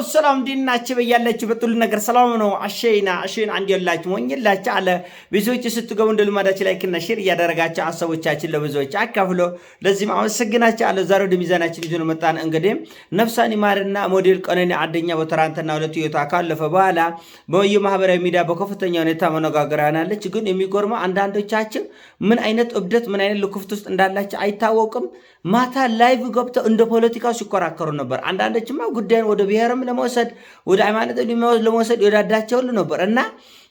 ሰላም ሰላም፣ እንዲናችሁ በያላችሁ በጥሉ ነገር ሰላም ነው። አሸይና አሸይን አንድ ያላችሁ ወኝላችሁ አለ ብዙዎች ስትገቡ እንደ ልማዳችሁ ላይክ እና ሼር እያደረጋችሁ አሰቦቻችን ለብዙዎች አካፍሎ ለዚህም አመሰግናችሁ አለ። ዛሬ ወደ ሚዛናችን ይዞን መጣን። እንግዲህ ነፍሳን ይማርና ሞዴል ቀነኒ አደኛ በትናንትና ሁለት ህይወቷ ካለፈ በኋላ በየ ማህበራዊ ሚዲያ በከፍተኛ ሁኔታ መነጋገሪያ ሆናለች። ግን የሚጎርመው አንዳንዶቻችን ምን አይነት እብደት ምን አይነት ልክፍት ውስጥ እንዳላችሁ አይታወቅም። ማታ ላይቭ ገብተው እንደ ፖለቲካው ሲከራከሩ ነበር። አንዳንዶችማ ጉዳይን ወደ ብሔርም ለመውሰድ ወደ ሃይማኖት ለመውሰድ ይወዳዳቸው ሁሉ ነበር እና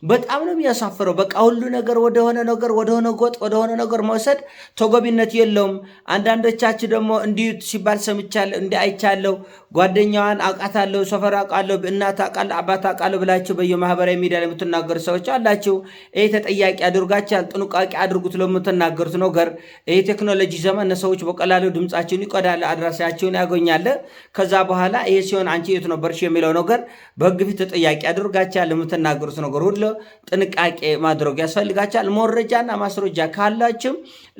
በጣም ነው የሚያሳፍረው። በቃ ሁሉ ነገር ወደሆነ ነገር ወደሆነ ጎጥ ወደሆነ ነገር መውሰድ ተገቢነት የለውም። አንዳንዶቻች ደግሞ እንዲህ ሲባል ሰምቻለሁ፣ እንዲህ አይቻለሁ፣ ጓደኛዋን አውቃታለሁ፣ ሰፈር አውቃለሁ፣ እናት አውቃለሁ፣ አባት አውቃለሁ ብላችሁ በየማህበራዊ ሚዲያ ላይ የምትናገሩ ሰዎች አላችሁ። ይህ ተጠያቂ አድርጋችኋል። ጥንቃቄ አድርጉት ለምትናገሩት ነገር። ይህ ቴክኖሎጂ ዘመን ሰዎች በቀላሉ ድምፃችሁን ይቀዳል፣ አድራሻችሁን ያገኛለ። ከዛ በኋላ ይሄ ሲሆን አንቺ የት ነበርሽ የሚለው ነገር በህግ ፊት ተጠያቂ አድርጋችኋል ለምትናገሩት ነገር ሁሉ ጥንቃቄ ማድረግ ያስፈልጋቸዋል። መረጃና ማስረጃ ካላችም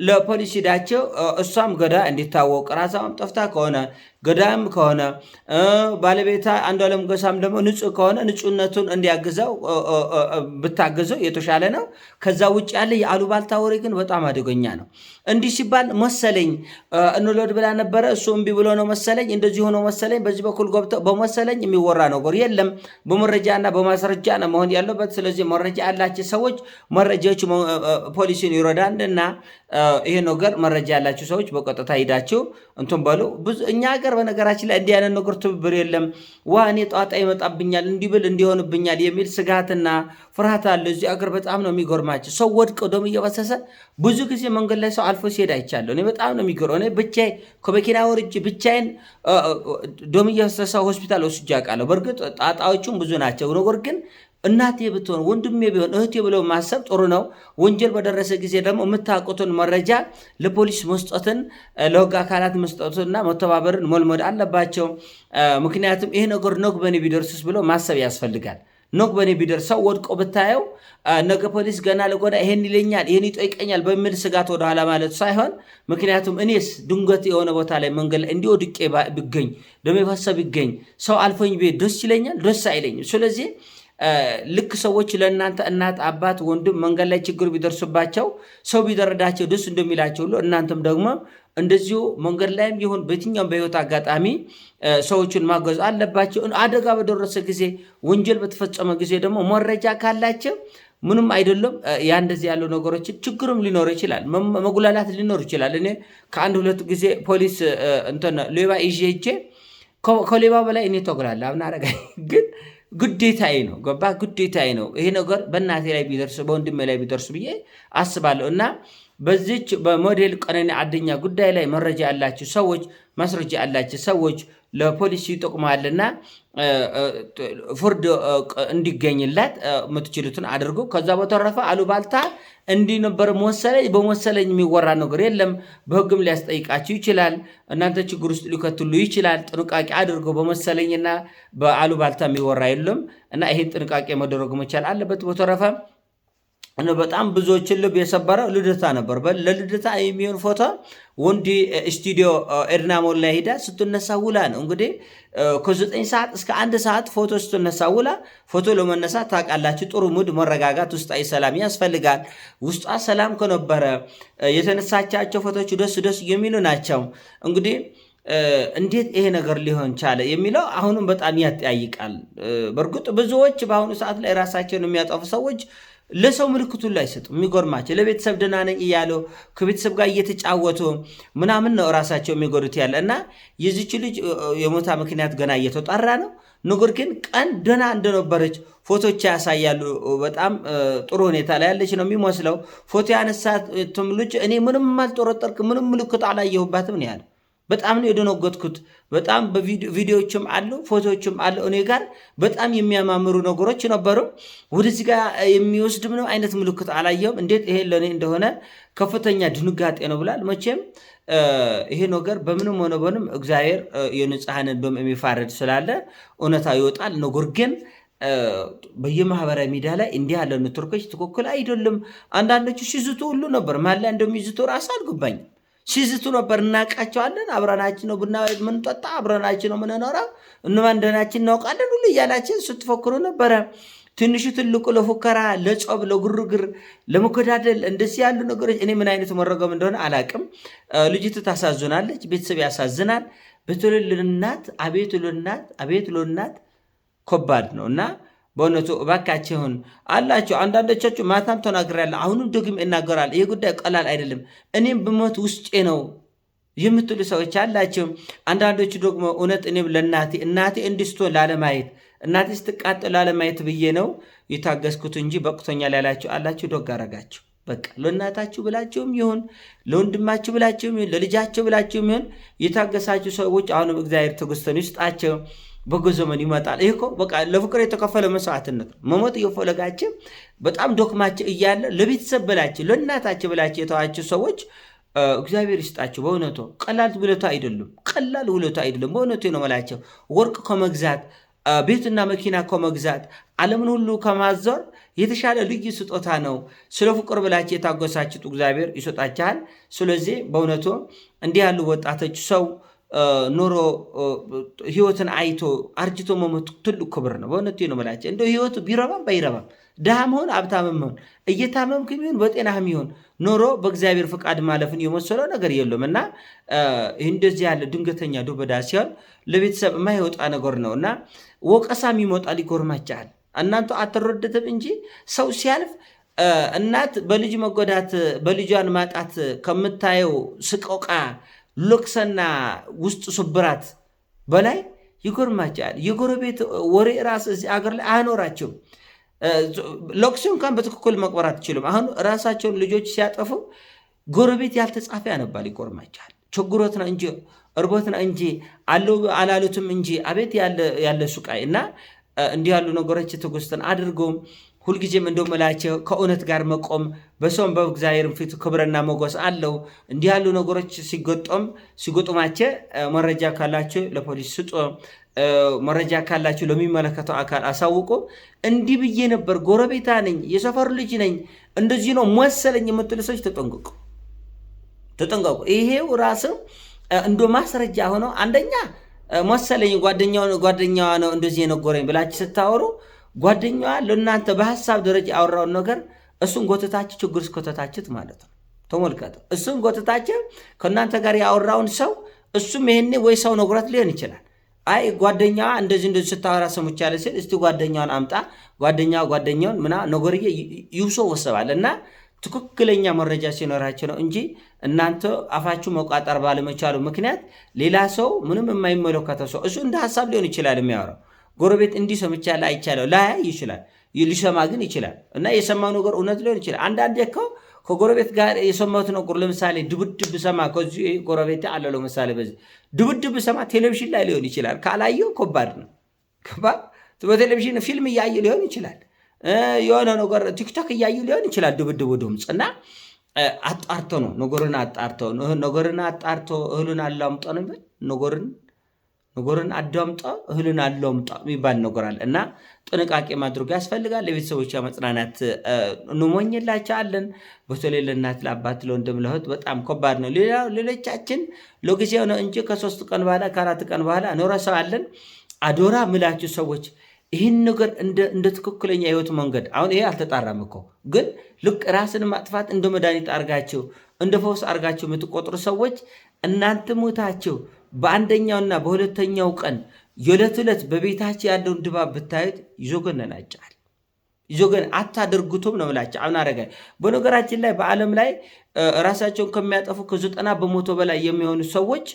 ለፖሊስ ሂዳቸው እሷም ገዳ እንዲታወቅ ራሷም ጠፍታ ከሆነ ገዳም ከሆነ ባለቤታ አንዱ አለም ጎሳም ደግሞ ንጹህ ከሆነ ንጹህነቱን እንዲያግዘው ብታግዘው የተሻለ ነው። ከዛ ውጭ ያለ የአሉባልታ ወሬ ግን በጣም አደገኛ ነው። እንዲህ ሲባል መሰለኝ እንሎድ ብላ ነበረ፣ እሱ እምቢ ብሎ ነው መሰለኝ፣ እንደዚህ ሆኖ መሰለኝ፣ በዚህ በኩል ገብተው በመሰለኝ የሚወራ ነገር የለም። በመረጃና በማስረጃ ነው መሆን ያለበት። ስለዚህ መረጃ ያላቸው ሰዎች መረጃዎች ፖሊሲን ይረዳል ይሄ ነገር መረጃ ያላቸው ሰዎች በቀጥታ ሂዳችሁ እንትን በሉ እኛ ነገር በነገራችን ላይ እንዲህ አይነት ነገር ትብብር የለም። ዋ እኔ ጧጣ ይመጣብኛል እንዲብል እንዲሆንብኛል የሚል ስጋትና ፍርሃት አለ። እዚህ አገር በጣም ነው የሚጎርማቸው። ሰው ወድቆ ደም እየፈሰሰ ብዙ ጊዜ መንገድ ላይ ሰው አልፎ ሲሄድ አይቻለሁ። እኔ በጣም ነው የሚጎር እኔ ብቻዬን ከመኪና ወርጄ ብቻዬን ደም እየፈሰሰ ሆስፒታል ወስጄ አውቃለሁ። በእርግጥ ጣጣዎቹም ብዙ ናቸው፣ ነገር ግን እናቴ ብትሆን ወንድሜ ቢሆን እህቴ ብለው ማሰብ ጥሩ ነው። ወንጀል በደረሰ ጊዜ ደግሞ የምታውቁትን መረጃ ለፖሊስ መስጠትን ለሕግ አካላት መስጠትና መተባበርን መልመድ አለባቸው። ምክንያቱም ይህ ነገር ነግ በኔ ቢደርስስ ብሎ ማሰብ ያስፈልጋል። ነግ በኔ ቢደርስ ሰው ወድቆ ብታየው ነገ ፖሊስ ገና ለጎዳ ይሄን ይለኛል፣ ይሄን ይጠይቀኛል በሚል ስጋት ወደኋላ ማለት ሳይሆን ምክንያቱም እኔስ ድንገት የሆነ ቦታ ላይ መንገድ ላይ እንዲህ ወድቄ ብገኝ ደሞ ፈሰ ብገኝ ሰው አልፎኝ ቤት ደስ ይለኛል? ደስ አይለኝም። ስለዚህ ልክ ሰዎች ለእናንተ እናት፣ አባት፣ ወንድም መንገድ ላይ ችግር ቢደርስባቸው ሰው ቢደረዳቸው ደስ እንደሚላቸው ሁሉ እናንተም ደግሞ እንደዚሁ መንገድ ላይም ይሁን በየትኛውም በህይወት አጋጣሚ ሰዎችን ማገዝ አለባቸው። አደጋ በደረሰ ጊዜ፣ ወንጀል በተፈጸመ ጊዜ ደግሞ መረጃ ካላቸው ምንም አይደለም። ያ እንደዚህ ያሉ ነገሮችን ችግርም ሊኖር ይችላል፣ መጉላላት ሊኖር ይችላል። እኔ ከአንድ ሁለት ጊዜ ፖሊስ እንትን ሌባ ይዤ ሄጄ ከሌባ በላይ እኔ ተጉላላ ምናረጋ ግን ግዴታዬ ነው። ገባ ግዴታዬ ነው። ይሄ ነገር በእናቴ ላይ ቢደርስ በወንድሜ ላይ ቢደርስ ብዬ አስባለሁ እና በዚች በሞዴል ቀነኒ አዱኛ ጉዳይ ላይ መረጃ ያላችሁ ሰዎች ማስረጃ ያላችሁ ሰዎች ለፖሊሲ ይጠቅማልና ፍርድ እንዲገኝላት የምትችሉትን አድርጉ። ከዛ በተረፈ አሉባልታ እንዲህ ነበር መሰለኝ በመሰለኝ የሚወራ ነገር የለም። በህግም ሊያስጠይቃችሁ ይችላል። እናንተ ችግር ውስጥ ሊከትሉ ይችላል። ጥንቃቄ አድርጎ በመሰለኝና በአሉባልታ የሚወራ የለም እና ይህን ጥንቃቄ መደረግ መቻል አለበት። በተረፈ በጣም ብዙዎችን ልብ የሰበረ ልደታ ነበር። ለልደታ የሚሆን ፎቶ ወንዲ ስቱዲዮ ኤድናሞል ላይ ሄዳ ስትነሳ ውላ ነው እንግዲህ ከዘጠኝ ሰዓት እስከ አንድ ሰዓት ፎቶ ስትነሳ ውላ። ፎቶ ለመነሳት ታውቃላችሁ፣ ጥሩ ሙድ፣ መረጋጋት፣ ውስጣዊ ሰላም ያስፈልጋል። ውስጧ ሰላም ከነበረ የተነሳቻቸው ፎቶች ደስ ደስ የሚሉ ናቸው። እንግዲህ እንዴት ይሄ ነገር ሊሆን ቻለ የሚለው አሁንም በጣም ያጠያይቃል። በእርግጥ ብዙዎች በአሁኑ ሰዓት ላይ ራሳቸውን የሚያጠፉ ሰዎች ለሰው ምልክቱን ላይ ሰጡ። የሚጎርማቸው ለቤተሰብ ደህና ነኝ እያሉ ከቤተሰብ ጋር እየተጫወቱ ምናምን ነው ራሳቸው የሚጎዱት ያለ እና የዚች ልጅ የሞታ ምክንያት ገና እየተጣራ ነው። ነገር ግን ቀን ደህና እንደነበረች ፎቶች ያሳያሉ። በጣም ጥሩ ሁኔታ ላይ ያለች ነው የሚመስለው። ፎቶ ያነሳትም ልጅ እኔ ምንም አልጠረጠርኩም፣ ምንም ምልክት አላየሁባትም ነው ያለ በጣም ነው የደነገጥኩት። በጣም ቪዲዮዎችም አሉ ፎቶዎችም አሉ እኔ ጋር በጣም የሚያማምሩ ነገሮች ነበሩ። ወደዚህ ጋር የሚወስድ ምንም አይነት ምልክት አላየውም። እንዴት ይሄ ለእኔ እንደሆነ ከፍተኛ ድንጋጤ ነው ብላል። መቼም ይሄ ነገር በምንም ሆነ በምንም እግዚአብሔር የንጽሐንን የሚፋረድ ስላለ እውነታ ይወጣል። ነገር ግን በየማህበራዊ ሚዲያ ላይ እንዲህ ያለ ኔትወርኮች ትክክል አይደለም። አንዳንዶቹ ሲዝቱ ሁሉ ነበር ማላ እንደሚዝቱ ራስ አልገባኝም። ሲዝቱ ነበር። እናውቃቸዋለን። አብረናችን ነው ቡና ምንጠጣ፣ አብረናችን ነው ምንኖረው፣ እንማንደናችን እናውቃለን። ሁሉ እያላችን ስትፎክሩ ነበረ። ትንሹ ትልቁ ለፉከራ፣ ለጾብ፣ ለጉርግር፣ ለመኮዳደል እንደዚህ ያሉ ነገሮች እኔ ምን አይነት መረገም እንደሆነ አላቅም። ልጅቱ ታሳዝናለች፣ ቤተሰብ ያሳዝናል። በትልልናት አቤት ልናት አቤት ልናት ከባድ ነው እና በእውነቱ እባካችሁን አላችሁ። አንዳንዶቻችሁ ማታም ተናግራለ፣ አሁንም ደግም እናገራል። ይህ ጉዳይ ቀላል አይደለም። እኔም ብሞት ውስጤ ነው የምትሉ ሰዎች አላችሁ። አንዳንዶቹ ደግሞ እውነት እኔም ለእናቴ እናቴ እንድስቶ ላለማየት እናቴ ስትቃጠል ላለማየት ብዬ ነው የታገስኩት እንጂ በቅቶኛል ያላችሁ አላችሁ። ዶግ አረጋችሁ። በቃ ለእናታችሁ ብላችሁም ይሁን ለወንድማችሁ ብላችሁም ይሁን ለልጃችሁ ብላችሁም ይሁን የታገሳችሁ ሰዎች አሁንም እግዚአብሔር ትዕግስትን ይስጣቸው። በጎ ዘመን ይመጣል። ይህ እኮ በቃ ለፍቅር የተከፈለ መስዋዕትነት ነው። መሞት እየፈለጋችሁ በጣም ዶክማቸው እያለ ለቤተሰብ ብላችሁ ለእናታቸው ብላችሁ የተዋችሁ ሰዎች እግዚአብሔር ይስጣቸው። በእውነቱ ቀላል ውለቱ አይደለም፣ ቀላል ውለቱ አይደለም። በእውነቱ ነው መላቸው ወርቅ ከመግዛት ቤትና መኪና ከመግዛት ዓለምን ሁሉ ከማዞር የተሻለ ልዩ ስጦታ ነው። ስለ ፍቅር ብላችሁ የታጎሳችሁት እግዚአብሔር ይሰጣችኋል። ስለዚህ በእውነቱ እንዲህ ያሉ ወጣቶች ሰው ኖሮ ህይወትን አይቶ አርጅቶ መሞት ትልቅ ክብር ነው። በእውነቱ ነው የምላቸው እንደ ህይወቱ ቢረባም ባይረባም ድሃም ሆን አብታምም ሆን እየታመምክ ቢሆን በጤናህም ይሆን ኖሮ በእግዚአብሔር ፍቃድ ማለፍን የመሰለው ነገር የለም እና እንደዚህ ያለ ድንገተኛ ዱበዳ ሲሆን ለቤተሰብ የማይወጣ ነገር ነው እና ወቀሳም ይመጣል፣ ይጎርማችኋል። እናንተ አትረዱትም እንጂ ሰው ሲያልፍ እናት በልጅ መጎዳት በልጇን ማጣት ከምታየው ስቆቃ ሎክሰና ውስጥ ስብራት በላይ ይጎርማቸዋል። የጎረቤት ወሬ ራስ እዚህ አገር ላይ አያኖራቸውም። ሎክስ እንኳን በትክክል መቅበር አትችልም። አሁን ራሳቸውን ልጆች ሲያጠፉ ጎረቤት ያልተጻፈ ያነባል፣ ይቆርማቸዋል። ችግሮትና እንጂ እርቦትና እንጂ አለው አላሉትም እንጂ አቤት ያለ ሱቃይ እና እንዲህ ያሉ ነገሮች ትዕግስትን አድርገውም ሁልጊዜም እንደምላቸው ከእውነት ጋር መቆም በሰውም በእግዚአብሔር ፊት ክብርና ሞገስ አለው። እንዲህ ያሉ ነገሮች ሲገጦም ሲገጥማቸ መረጃ ካላቸው ለፖሊስ ስጡ፣ መረጃ ካላቸው ለሚመለከተው አካል አሳውቁ። እንዲህ ብዬ ነበር፣ ጎረቤታ ነኝ፣ የሰፈር ልጅ ነኝ፣ እንደዚህ ነው መሰለኝ የምትል ሰዎች ተጠንቀቁ፣ ተጠንቀቁ። ይሄው ራስ እንደ ማስረጃ ሆነው አንደኛ መሰለኝ ጓደኛዋ ነው እንደዚህ የነገረኝ ብላችሁ ስታወሩ ጓደኛዋ ለእናንተ በሀሳብ ደረጃ ያወራውን ነገር እሱን ጎተታች፣ ችግር እስከተታችት ማለት ነው። ተመልከቱ፣ እሱን ጎተታች። ከእናንተ ጋር ያወራውን ሰው እሱም ይሄኔ ወይ ሰው ነግሯት ሊሆን ይችላል። አይ ጓደኛዋ እንደዚህ እንደዚህ ስታወራ ሰምቻለሁ ሲል እስቲ ጓደኛውን አምጣ፣ ጓደኛ ጓደኛውን ምና ነገርዬ ይውሶ ወሰባል እና ትክክለኛ መረጃ ሲኖራቸው ነው እንጂ እናንተ አፋችሁ መቋጠር ባለመቻሉ ምክንያት ሌላ ሰው ምንም የማይመለከተው ሰው እሱ እንደ ሀሳብ ሊሆን ይችላል የሚያወራው ጎረቤት እንዲህ ሰምቻለሁ አይቻለሁ ላያይ ይችላል፣ ሊሰማ ግን ይችላል። እና የሰማው ነገር እውነት ሊሆን ይችላል። አንዳንዴ እኮ ከጎረቤት ጋር የሰማሁት ነገር ለምሳሌ ድብድብ ሰማ ከዚህ ጎረቤት አለ ለምሳሌ በዚህ ድብድብ ሰማ ቴሌቪዥን ላይ ሊሆን ይችላል። ካላየው ከባድ ነው። ከባድ በቴሌቪዥን ፊልም እያየ ሊሆን ይችላል። የሆነ ነገር ቲክቶክ እያዩ ሊሆን ይችላል። ድብድቡ ድምፅ እና አጣርቶ ነው ነገርን አጣርቶ ነገርን አጣርቶ እህሉን አላምጦ አላምጦንበት ነገርን ነገርን አዳምጣ እህሉን አላምጣ የሚባል ነገር አለ እና ጥንቃቄ ማድረጉ ያስፈልጋል። ለቤተሰቦቿ መጽናናት እንሞኝላቸዋለን። በተለይ ለእናት ለአባት፣ ለወንድም፣ ለእህት በጣም ከባድ ነው። ሌሎቻችን ለጊዜው ነው እንጂ ከሶስት ቀን በኋላ ከአራት ቀን በኋላ እንረሳዋለን። አደራ ምላችሁ ሰዎች ይህን ነገር እንደ ትክክለኛ ህይወት መንገድ አሁን ይሄ አልተጣራም እኮ ግን ልክ ራስን ማጥፋት እንደ መድኃኒት አርጋችሁ እንደ ፈውስ አርጋችሁ የምትቆጥሩ ሰዎች እናንተ ሞታችሁ በአንደኛውና በሁለተኛው ቀን የዕለት ዕለት በቤታቸው ያለውን ድባብ ብታዩት ይዞገን ነናጫል። ይዞገን አታደርጉቶም ነው ምላቸው አሁን አረጋ። በነገራችን ላይ በዓለም ላይ ራሳቸውን ከሚያጠፉ ከዘጠና በመቶ በላይ የሚሆኑ ሰዎች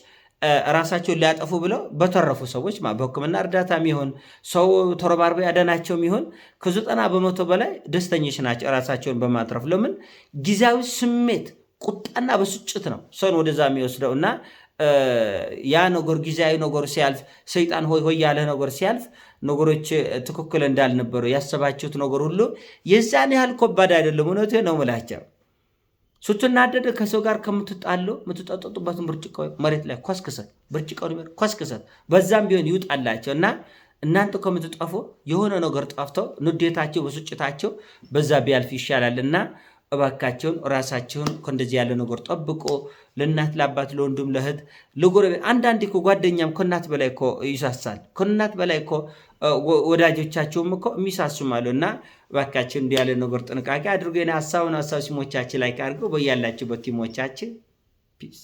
ራሳቸውን ሊያጠፉ ብለው በተረፉ ሰዎች በሕክምና እርዳታ ሚሆን ሰው ተረባርበ ያደናቸው ሚሆን ከዘጠና በመቶ በላይ ደስተኞች ናቸው ራሳቸውን በማትረፍ ለምን ጊዜያዊ ስሜት ቁጣና ብስጭት ነው ሰውን ወደዛ የሚወስደው እና ያ ነገር ጊዜያዊ ነገር ሲያልፍ ሰይጣን ሆይ ሆይ ያለ ነገር ሲያልፍ ነገሮች ትክክል እንዳልነበሩ ያሰባችሁት ነገር ሁሉ የዛን ያህል ከባድ አይደለም። እውነት ነው ምላቸው። ስትናደደ ከሰው ጋር ከምትጣሉ የምትጠጠጡበትን ብርጭቆ መሬት ላይ ኮስክሰት፣ ብርጭቆ ኮስክሰት፣ በዛም ቢሆን ይውጣላቸው እና እናንተ ከምትጠፉ የሆነ ነገር ጠፍተው ንዴታቸው፣ ብስጭታቸው በዛ ቢያልፍ ይሻላል እና እባካቸውን ራሳቸውን ከእንደዚህ ያለ ነገር ጠብቆ ለእናት ለአባት፣ ለወንዱም፣ ለእህት፣ ለጎረቤት አንዳንዴ እኮ ጓደኛም ከእናት በላይ እኮ ይሳሳል። ከእናት በላይ እኮ ወዳጆቻቸውም እኮ አሉ እና እባካቸው እንዲህ ያለ ነገር ጥንቃቄ አድርጎ ሀሳቡን ሀሳብ ሲሞቻችን ላይ ካድርገው በያላችሁበት ቲሞቻችን ፒስ